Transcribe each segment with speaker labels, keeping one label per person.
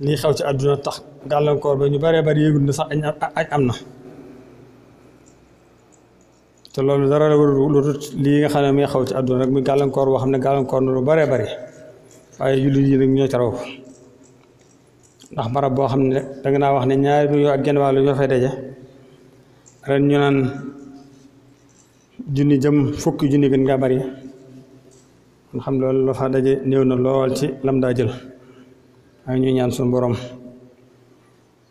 Speaker 1: lii xew ci àdduna tax gàllankoor ba ñu baree bari yëgul sax añ am na te loolu dara lu rut lii nga xam ne muy xew ci àdduna rek muy gàllankoor boo xam ne gàllankoor na lu baree bari waaye jullit yi nag ñoo ca raw ndax barab boo xam ne danga naa wax ne ñaari million ak genn wàll ñoo fay daje ren ñu naan junni jëm fukki junni gën nga bari xam loolu la fa daje néew na lool ci lam daa jël ak ñu ñaan suñu borom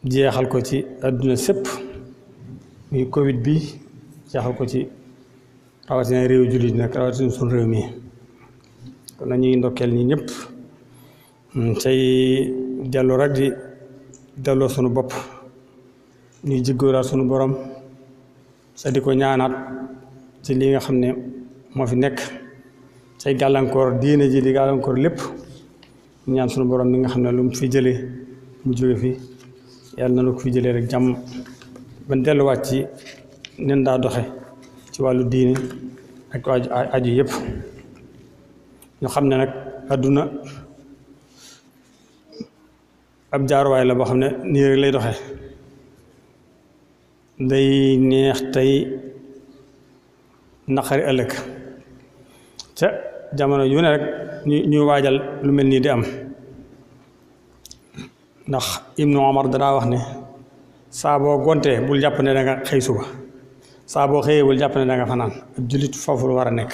Speaker 1: jeexal ko ci àdduna sépp muy Covid bi jeexal ko ci rawatina réew jullit nag rawatina suñu réew mi kon nag ñu ngi ndokkeel ñi ñëpp mm, tey dellu rek di delloo suñu bopp ñuy jiggóoraat suñu borom sa di ko ñaanaat ci li nga xam ne moo fi nekk tey gàllankoor diine ji di gàllankoor lépp ñaan sunu borom mi nga xam ne lu mu fi jëlee mu jóge fi yàlla na ko fi jëlee rek jàmm ban delluwaat ci nen daa doxe ci wàllu diine ak aju aju ñu xam ne nag àdduna ab jaaruwaay la boo xam ne nii rek lay doxe day neex tey naqari ëllëg ca jamono yu ne rek ñu ñuy waajal lu mel nii di am ndax ibnu omar danaa wax ne saaboo boo gontee bul jàpp ne da nga xëy suba saa boo xëyee bul jàpp ne da fanaan ab jullit foofu lu war a nekk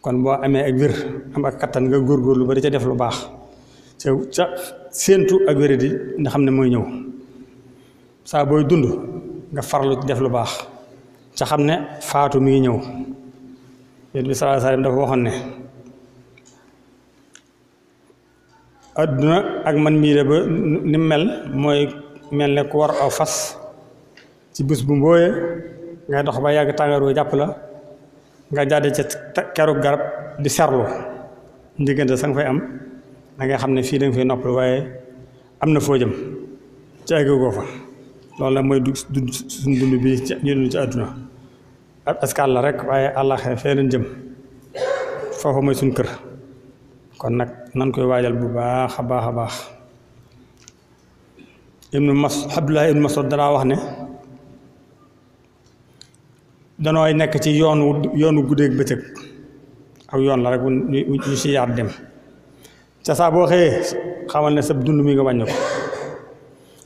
Speaker 1: kon boo amee ak wér am ak kattan nga góor ba di ca def lu baax ca ca séentu ak wér di nga xam ne mooy ñëw saabooy dund nga farlu def lu baax ca xam ne faatu mi ngi ñëw yéen bi sallallahu alayhi wasallam dafa waxoon ne adduna ak man mii de ba ni mel mooy mel ne ku war aw fas ci bés bu mbooye ngay dox ba yàgg tàngaar jàpp la nga jàdd ci keru garab di serlu ndiggante sang nga fay am da xam ne fii da nga fay noppal waaye am na foo jëm ci ay goo fa loolu la mooy du suñ dund bi ñu dund ci adduna ab escale la rek waaye àllaxe fee leen jëm foofu mooy suñ kër kon nag nan koy waajal bu baax a baax a baax ibnu mas abdullah ibnu masud danaa wax ne danooy nekk ci yoonu yoonu guddeeg bëccëg ak yoon la rek ñu si yaar dem ca boo xëyee xamal ne sa dund mi nga wàññi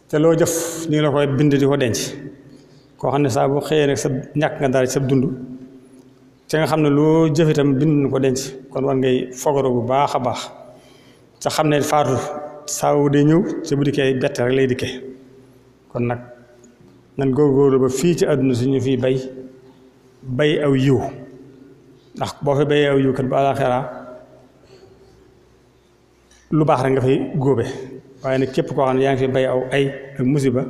Speaker 1: te loo jëf ñu ngi la koy bind di ko denc koo xam ne saa xëyee rek sa ñàkk nga dara ci sa dund te nga xam ne loo jëf itam bind na ko denc kon war ngay fogaroo bu baax a baax sa xam ne faatu saa wu ñëw te bu dikkee bett rek lay dikkee kon nag nan góorgóorlu ba fii ci àdduna ñu fii bay bay aw yiw ndax boo fi bayee aw yiw kat bu àllaaxira lu baax rek nga fay góobe waaye nag képp koo xam ne yaa ngi fi bay aw ay ak musiba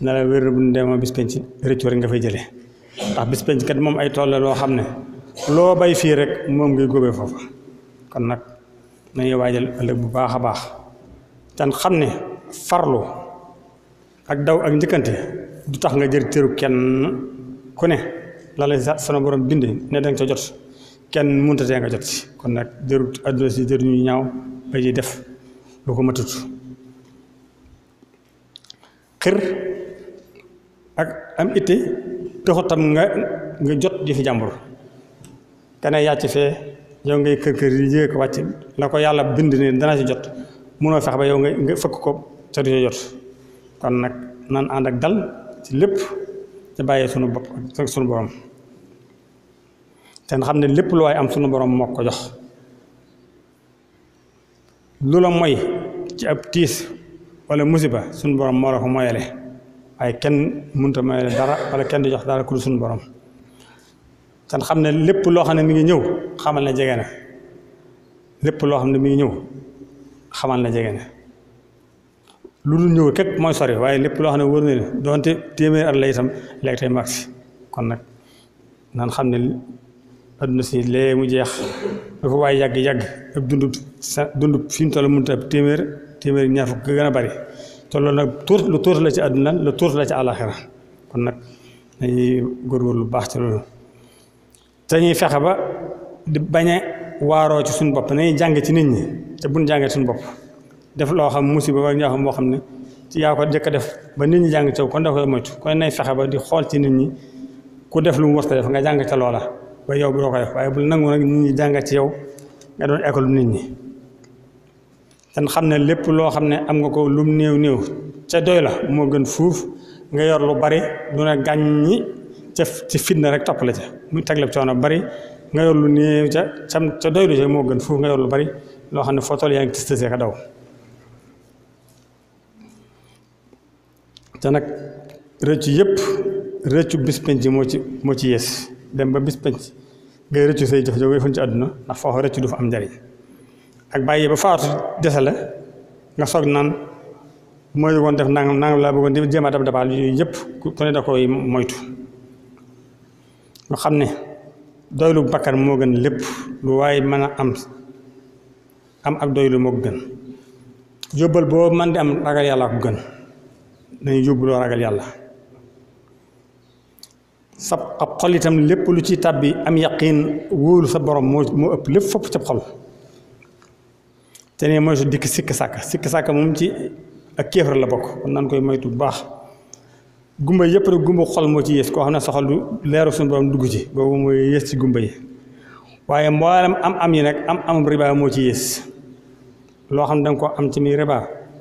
Speaker 1: na la wér bu ñu demoo bis penc rëcc war nga fay jëlee ndax bis penc kat moom ay tool la loo xam ne loo bay fii rek moom ngay góobee foofa kon nag nañuy waajal ëllëg bu baax a baax tan xam ne farlu ak daw ak njëkkante du tax nga jër cëru kenn ku ne la la sama borom bindee ne danga ca jot kenn mënta tee nga jot si kon nag jërut àdduna si jëruñu ñaaw ba ci def lu ko matut xir ak am itte taxutam nga nga jot di fi jàmbur kene yàcc fee yow ngay kër kër yi yéeg ko wàcc la ko yàlla bind ne dana ci jot mënoo fex ba yow nga fëkk ko sa du jot kon nag naan ànd ak dal ci lépp te bàyyee sunu bopp sunu borom te xam ne lépp lu waay am sunu borom moo ko jox lu la mooy ci ab tiis wala musiba suñu borom moo la ko moyale waaye kenn mënut a moyale dara wala kenn du jox dara ku suñu borom tan xam ne lépp loo xam ne mi ngi ñëw xamal na jege na lépp loo xam ne mi ngi ñëw xamal na jege na lu dul ñëw képp mooy sori waaye lépp loo xam ne wër na doonte téeméer at la itam léegi tey màgg kon nag naan xam ne adduna si lee mu jeex dafa waaye yàgg-yàgg ab dundub sa dundub fi mu toll mënut ab téeméer téeméeri ñaar fukk gën a bari te loolu nag tuur lu tuur la ci àdduna lu tuur la ci àllaaxira kon nag dañuy góorgóorlu lu baax ci loolu fexe ba di bañ a waaroo ci suñu bopp nañuy jàng ci nit ñi te buñ jàngee suñu bopp def loo xam musiba ba ñoo xam moo xam ne yaa ko jëkk def ba nit ñi jàng ci kon da koy moytu kon fexe ba di xool ci nit ñi ku def lu mu warta def nga jàng ca loola ba yow bu doo ko waaye bul nangu nag nit ñi jàng ci yow nga doon école nit ñi te xam ne lépp loo xam ne am nga ko lu néew néew ca doy la moo gën fuuf nga yor lu bari lu ne gàññi ca ci fitna rek topp la ca mu teg la coono bari nga yor lu néew ca ca doylu moo gën fuuf nga yor lu bari loo xam ne foo toll yaa ngi tistasee ka daw te nag rëccu yëpp rëccu bis penc moo ci moo ci yees dem ba bis penc ngay rëccu say jëf-jëf yëfuñ ci àdduna ndax foofu rëccu du fa am njariñ ak bàyyi ba faatu dese la nga soog naan mooy woon def nangam nangam laa bëggoon di jéem a dab dabal yëpp ku ne da koy moytu nga xam ne doylu bakkan moo gën lépp lu waaye mën a am am ak doylu moo gën yóbbal boo man di am ragal yàlla ko gën nañu yóbbuloo ragal yàlla sa ab xol itam lépp lu ci tàbbi am yaqiin wóolu sa borom moo moo ëpp lépp fopp sa xol te ne moytu dikk sikk sàkk sikk sàkk moom ci ak kéefar la bokk nan koy moytu bu baax gumba yëpp rek gumba xol moo ci yées koo xam ne soxal du leeru suñu dugg ci boobu mooy yées ci gumba yi waaye mboolem am am yi nag am amum riba moo ci yées loo xam ne danga koo am ci muy riba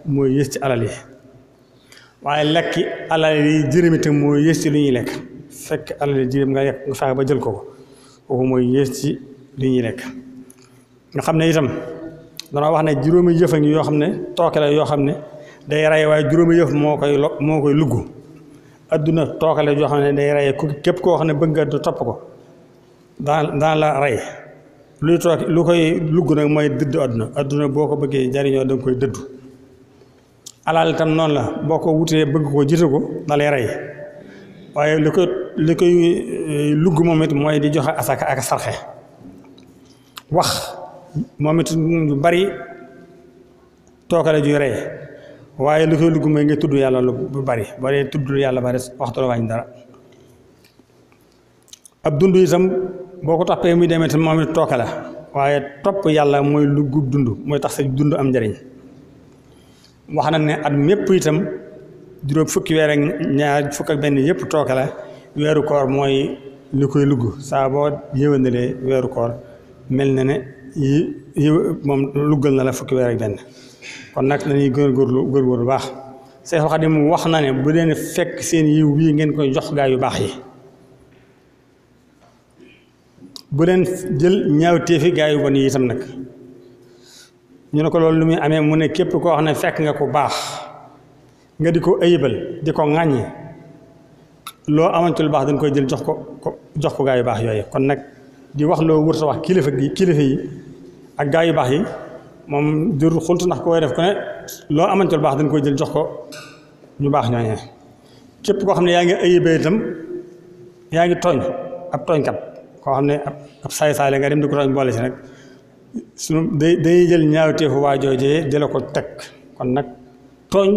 Speaker 1: mooy yées ci alal yi waaye lekki alal yi jërëm itam mooy yées ci lu ñuy lekk fekk alal yi jërëm nga lekk nga fexe ba jël ko ko kooku mooy yées ci lu ñuy lekk nga xam ne itam danaa wax ne juróomi yëf a ngi yoo xam ne tooke la yoo xam ne day rey waaye juróomi yëf moo koy lo moo koy lugg adduna tookale la yoo xam ne day rey képp koo xam ne bëgg nga du topp ko daan daan la rey luy tooke lu koy lugg nag mooy dëdd adduna adduna boo ko bëggee jariñoo da koy dëddu alal noonu la boo ko wutee bëgg ko jiite ko da lay waaye li koy li koy eh, lugg moom it mooy di joxe asaka ak sarxe wax moom it lu bari tookale juy rey waaye lu koy lugg mooy nga tudd yàlla bu bari boo tudd yàlla bari waxtu la dara ab dund itam boo ko toppee muy demee tam moom it tooke la waaye topp yàlla mooy lugg dund mooy tax sa dund am njëriñ wax ne at mépp itam juróom fukki weer ñaar fukk benn yëpp tooke la weeru koor mooy li koy lugg saa boo yéwénalee weeru koor mel na ne yi yi moom luggal na la fukki weer ak benn kon nag dañuy góorgóorlu góorgóorlu baax Seexul Xadiim wax na ne bu leen fekk seen yiw wii ngeen koy jox gaa yu baax yi bu leen jël ñaaw téefi gaa yu bon yi nag ñu ne ko loolu lu muy amee mu ne képp koo xam ne fekk nga ko baax nga di ko ayibal di ko ŋàññi loo amantu lu baax dañ koy jël jox ko ko jox ko gaa yu baax yooyu kon nag di wax loo wër sa wax kilifa gi kilifa yi ak gaa yu baax yi moom jur xult ndax ku koy def ku ne loo amante lu baax dañ koy jël jox ko ñu baax ñooñee képp koo xam ne yaa ngi ayibee itam yaa ngi tooñ ab tooñkat koo xam ne ab saay nga dem di ko tooñ boole si nag suñu day day jël ñaaw teefu waa joojee di la ko teg kon nag tooñ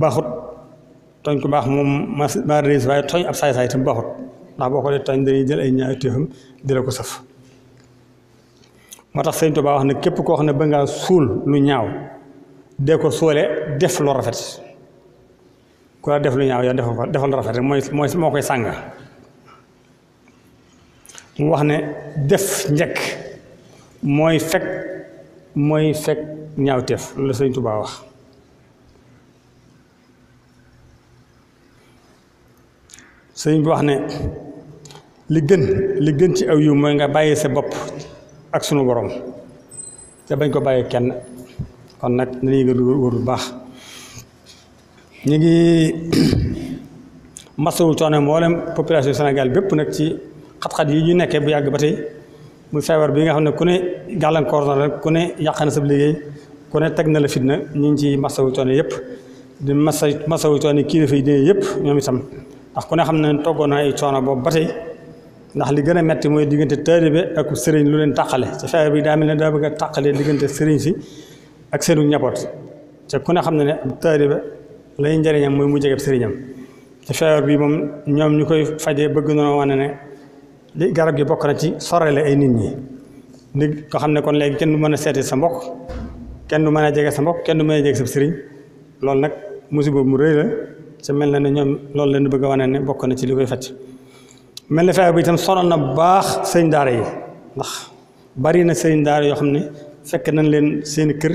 Speaker 1: baaxut tooñ ku baax moom ma ma réussir waaye tooñ ab saay saay itam baaxut ndax boo ko dee tooñ dañuy jël ay ñaaw teefam di ko sëf moo tax sëñ Tuubaa wax ne képp koo xam ne ba ngaa suul lu ñaaw de ko sóole def lu rafet ku def lu ñaaw yow defal ko defal rafet mooy mooy moo koy sàng mu wax ne def njëkk mooy fekk mooy fekk ñaawteef loolu la sëñ Tuubaa wax sëñ bi wax ne li gën li gën ci aw yiw mooy nga bàyyi sa bopp ak sunu borom te bañ ko bàyyi kenn kon nag nañuy gën wóor bu baax ñu ngi masawu coono mboolem population Sénégal bépp nag ci xat-xat yi ñu nekkee bu yàgg ba tey mu feebar bi nga xam ne ku ne gàllankoor na rek ku ne yàq na sa liggéey ku ne teg na la fitna ñu ngi ci masawu coono yëpp di masa masawu coono kilifa yi coono boobu ba tey ndax li gën a metti mooy diggante taalibe ak sëriñ lu leen tàqale ci fexe bi daa mel ne daa bëgg a tàqale diggante sëriñ si ak seenu njaboot te ku ne xam ne na ab taalibe lay njëriñam mooy mu jege sëriñam ci feebar moom ñoom ñu koy fajee bëgg noonu wane ne li garab gi bokk na ci sorale ay nit ñi ndi nga xam ne kon léegi kenn du mën a seeti sa mbokk kenn du mën a jege sa mbokk kenn du mën a jege sa sëriñ loolu nag musiba mu rëy la ci mel na ne ñoom loolu leen bëgg a wane ne bokk na ci li koy faj mel na feebar bi itam sonal na bu baax sëñ daara yi ndax bari na sëñ daara yoo xam ne fekk nañ leen seeni kër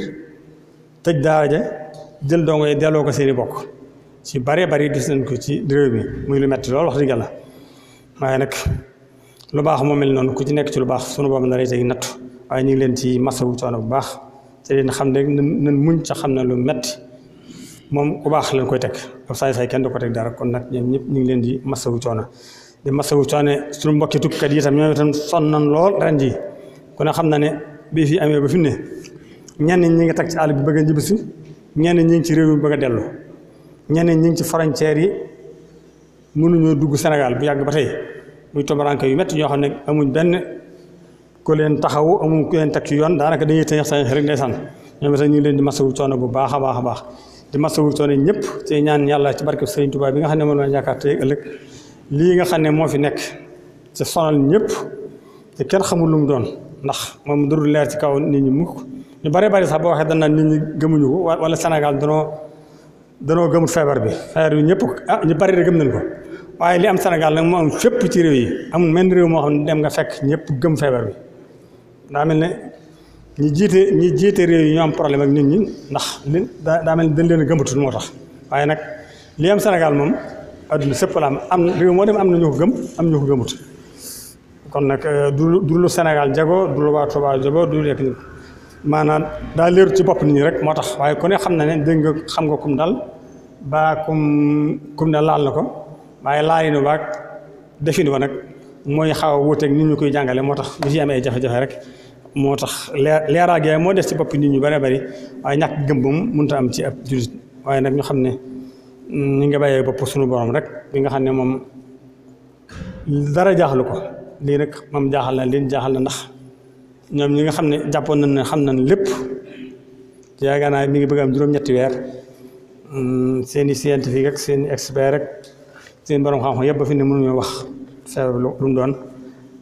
Speaker 1: tëj daara jël dongo yi delloo ko seeni bokk ci bare bari gis nañ ko ci réew mi muy lu metti lool wax dëgg yàlla waaye nag lu baax moo mel noonu ku ci nekk ci lu baax sunu boobu na tey nattu waaye ñu ngi leen ci masawu coono bu baax te leen xam ne nan muñ ca xam ne lu metti moom ku baax lañ koy teg ab saay saay kenn du ko dara kon nag ñëpp ñu ngi leen di masawu coono di masawu coone suñu mbokki tukkat yi itam ñoom tam sonn nañ lool ren jii kon xam na ne bii fi amee ba fi ne ñenn ñi ngi teg ci àll bi bëgg a ñibbisi ñenn ñi ngi ci réew mi bëgg a dellu ñenn ñi ngi ci frontière yi mënuñoo dugg Sénégal bu yàgg ba tey muy tombaranke yu métti ñoo xam ne amuñ benn ku leen taxawu amuñ ku leen ci yoon daanaka dañuy tëñax sa rek ndeysaan ñoom itam ñu ngi leen di masawu coono bu baax a baax a baax di masawu coono ñëpp te ñaan yàlla ci barke Sëriñ Tuubaa bi nga xam ne moom la yaakaar tey ëllëg lii nga xam ne moo fi nekk ci sonal ñëpp te kenn xamul lum doon ndax moom du leer ci kaw nit ñi mukk ñu bare bari sax boo waxee dana nit ñi gëmuñu ko wala Sénégal danoo danoo gëmul feebar bi feebar bi ñëpp ah bari de gëm nañ ko waaye li am Sénégal nag moo fépp ci réew yi amul menn réew moo xam ne dem nga fekk ñëpp gëm feebar bi daa mel ne ñi jiite ñi jiite réew yi ñoo am problème ak nit ñi ndax li daa mel ne dañ moo tax waaye nag li am Sénégal moom adduna sëpp la am am réew moo dem am na ñu ko gëm am ñu ko gëmut kon nag euh, du du lu Sénégal jago du lu waa Touba jago du lekk ni maanaam daa leeru ci bopp nit ñi rek moo tax waaye ku xam na ne dégg nga xam nga kum dal baa kum kum dal laal na ko waaye laal yi baag defin nag mooy xaw a wuuteeg nit ñu koy jàngale moo tax bu ci amee jafe-jafe rek moo tax leer leeraage moo des ci bopp nit ñu bare bari waaye ñàkk gëm ba am ci ab jullit waaye nag ñu xam ne. ñu ngi bàyyee bopp suñu borom rek bi nga xam ne moom dara jaaxlu ko lii rek moom jaaxal na lii jaaxal na ndax ñoom ñi nga xam ne jàppoon nañ ne xam nañ lépp yaakaar naa mi ngi bëgg am juróom-ñetti weer hmm, seeni i scientifique rek seen i expert rek seen borom xam-xam yëpp ba fi ne mënuñoo wax feebar lu mu doon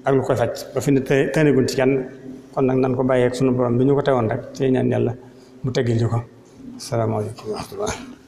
Speaker 1: ak lu koy faj ba fi ne te tëneeguñ ci kenn kon nag nan ko bàyyeeg sunu borom bi ñu ko teewoon rek ci ñaan yàlla mu teggil ñu ko asalaamaaleykum wa rahmatullah